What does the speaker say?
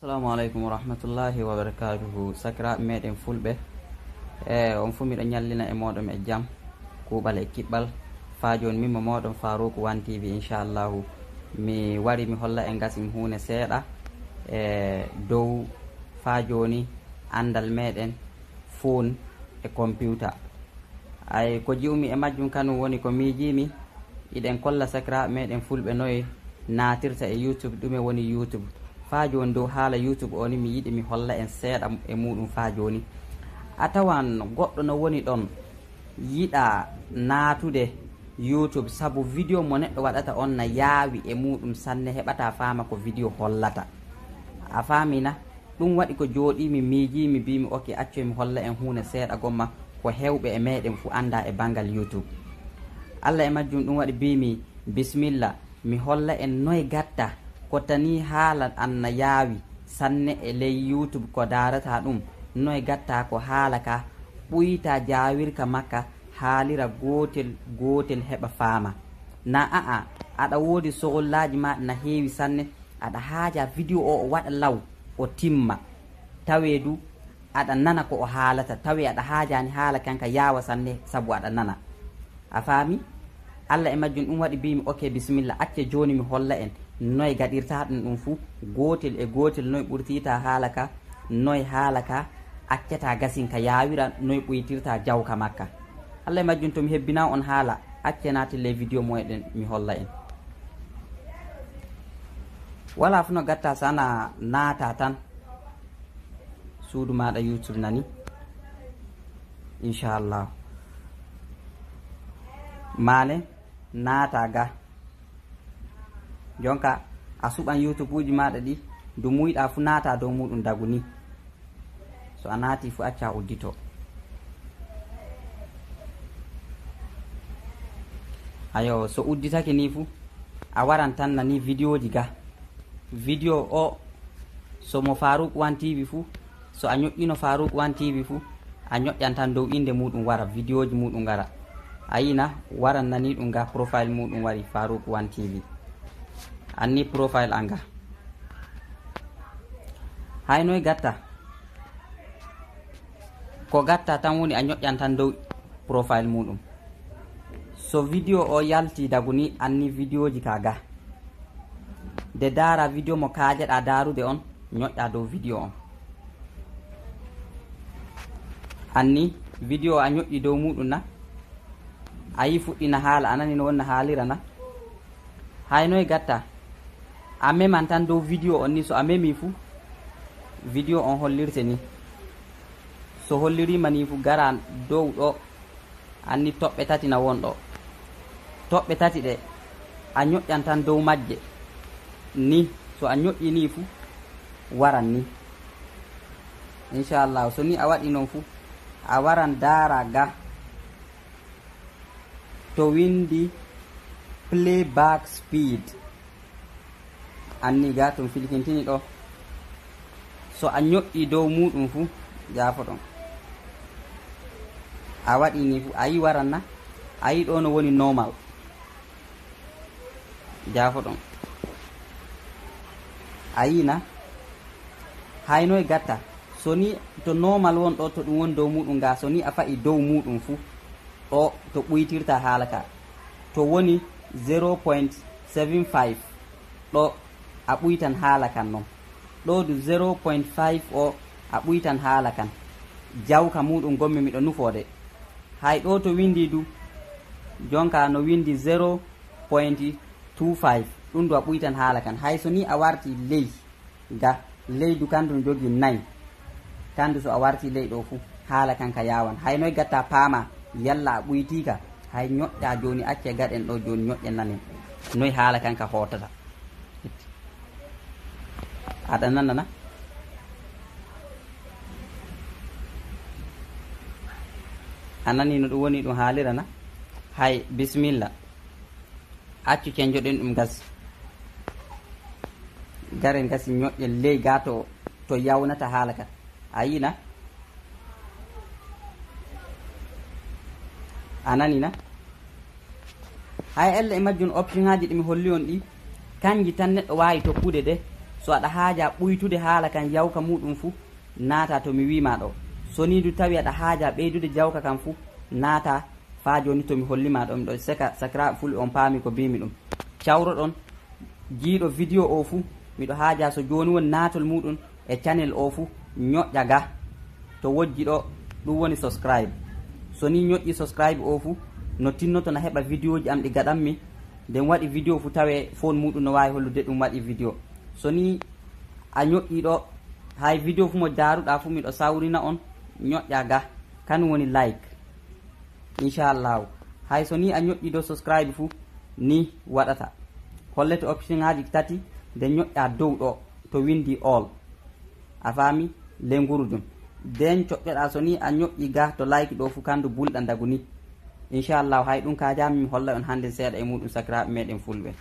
assalamu aleykum wa rahmatullahi wa barakatuhu sakiraɓe meɗen fulɓe e on fuu miɗo ñallina e moɗon e jaam kuuɓal e kiɓɓal fa joni min mo moɗon farouku wan tv inchallahu mi wari mi holla e gasi mi hunde seeɗa e dow fa joni andal meɗen fon e computa ay ko jiwmi e majjum kanum woni ko miijimi iɗen kolla sakiraɓe meɗen fulɓe noye natirta e youtube ɗume woni youtube faa joni dow haala youtube o ni mi yiɗi mi holla en seeɗa e muɗum faa joni a tawan goɗɗo no woni ɗon yiɗa naatude youtube saabu vidéo mo neɗɗo waɗata on na yaawi e muɗum sanne heɓata faama ko vidéo hollata a faamina ɗum waɗi ko jooɗimi miijimi mbimi okke accumi e holla en hunde seeɗa gomma ko hewɓe e meɗen fo anda e bangal youtube allah e majjum ɗum waɗi mbimi bisimilla mi holla en noye gatta ko tani haala anna yaawi sanne e ley youtube ko darata ɗum noye gatta ko haala ka ɓuyta jawirka makka haalira gotel gotel heɓa faama na aa aɗa woodi sohollaji maɗa na heewi sanne aɗa haaja vidéo o o waɗa law o timma tawe du aɗa nana ko o haalata tawi aɗa haajani haala kanka yaawa sanne saabu aɗa nana a faami allah e majjum ɗum waɗi mbimi ok bisimilla acce joni mi holla en noy gaɗirta ɗum ɗum fuu gotel e gotel noy ɓurtita haala ka noy haala ka acceta gasin ka yawira noy ɓoytirta jawka makka allah e majjum tomi hebbina on haala accena telle vidéo moeɗen mi holla en wala fu no gatta sana naata tan suudu maɗa youtube nani inchallahu male naata ga jonka a suɓan youtube uji maɗa ɗi du muyiɗa fu nata dow muɗum dagu ni so a naati fu acca uddito ayo so udditake ni fu a waran tan nani vidéo ji ga vidéo o somo faruk wan tv fu so a ñoƴƴino faruk wan tv fu a ñoƴƴan tan dow inde muɗum wara vidéo ji muɗum gara ayina waran nani ɗum ga profile muɗum wari faruk wan tv anni profile anga haynoy gatta ko gatta tan woni a ñoƴƴan tan dow profile muɗum so vidéo o yalti dagu ni anni vidéo ji ka ga de dara vidéo mo kajeɗa darude on ñoƴƴa dow vidéo on anni vidéo a ñoƴƴi dow muɗum na a yi fuɗɗina haala anani no wonno haalira na haynoy gatta a meman tan dow vidéo on ni so a memi fuu vidéo on hollirte ni so hollirima ni fuu gara dow ɗo anni toɓɓe tati na won ɗo toɓɓe tati ɗe a ñoƴƴan tan dow majje ni so a ñoƴƴini fuu waran ni inchallahu so ni a waɗi noon fuu a waran daara ga to windi play back speed anniga ton filkintini ɗo so a ño'i dow muɗum fuu jaafo ɗon a waɗini fuu a yi waran na a yi ɗo no woni normal jaafo ɗon a yina haynoye gatta so ni to normal won ɗo to ɗum woni dow muɗum ga so ni a fa'i dow muɗum fuu ɗo to ɓuytirta haala ka to woni 0 point 7 5 ɗo a ɓuytan haala kan noon ɗoodu 0.5 o a ɓuytan haala kan jawka muɗum gommi miɗo nufoode hay ɗo to windi du jonka no windi 0.25 ɗum du a ɓuytan haala kan hay so ni a warti ley ga leydu kandu no jogi nayi kandu so a warti ley ɗo fuu haala kan ka yawan hay noy gatta paama yalla a ɓuytika hay ñoƴƴa joni acce gaɗen ɗo joni ñoƴƴe nanen noyi haala kan ka hootata aɗa nanana a nani no ɗum woni ɗum haalirana hay bisimilla accu cenjoɗen ɗum gas gare gasi ñoƴƴe ley gato to yawnata haala ka a yiina a nanina hay elle e majjun option ngaji ɗimi holli on ɗi kanji tan neɗɗo wawi to kuude de so aɗa haaja ɓuytude haala kan yawka muɗum fuu naata tomi wima ɗo sonidu tawi aɗa haaja ɓeydude jawka kan fuu naata faa joni tomi hollima ɗon ɗo seka sacrabe fulɓe on paami ko mbimi ɗum cawro ɗon jiiɗo vidéo o fuu miɗo haaja so joni woni naatol muɗum e channel o fuu ñoƴƴa ga to wojji ɗo ɗum woni subscribe so ni ñoƴƴi subscribe o fuu no tinnoto na heɓa vidéo ji am ɗi gaɗanmi nden waɗi vidéo fuu tawe fon muɗum no wawi hollude ɗum waɗi vidéo so ni a ñoƴƴiɗo hay vidéo fu mo daruɗa fu miɗo sawrina on ñoƴƴa ga kanum woni like inchallahu hay so ni a ñoƴƴiɗo souscribe fu ni waɗata hollete option ŋaji tati nde ñoƴƴa dow ɗo to windi all a faami lengurujum den coƴƴoɗa so ni a ñoƴƴi ga to like ɗo fu kandu bulɗa dagu ni inchallahu hay ɗum kajami mi holla on hannde seeɗa e muɗum sakiraɓe meɗen fulɓe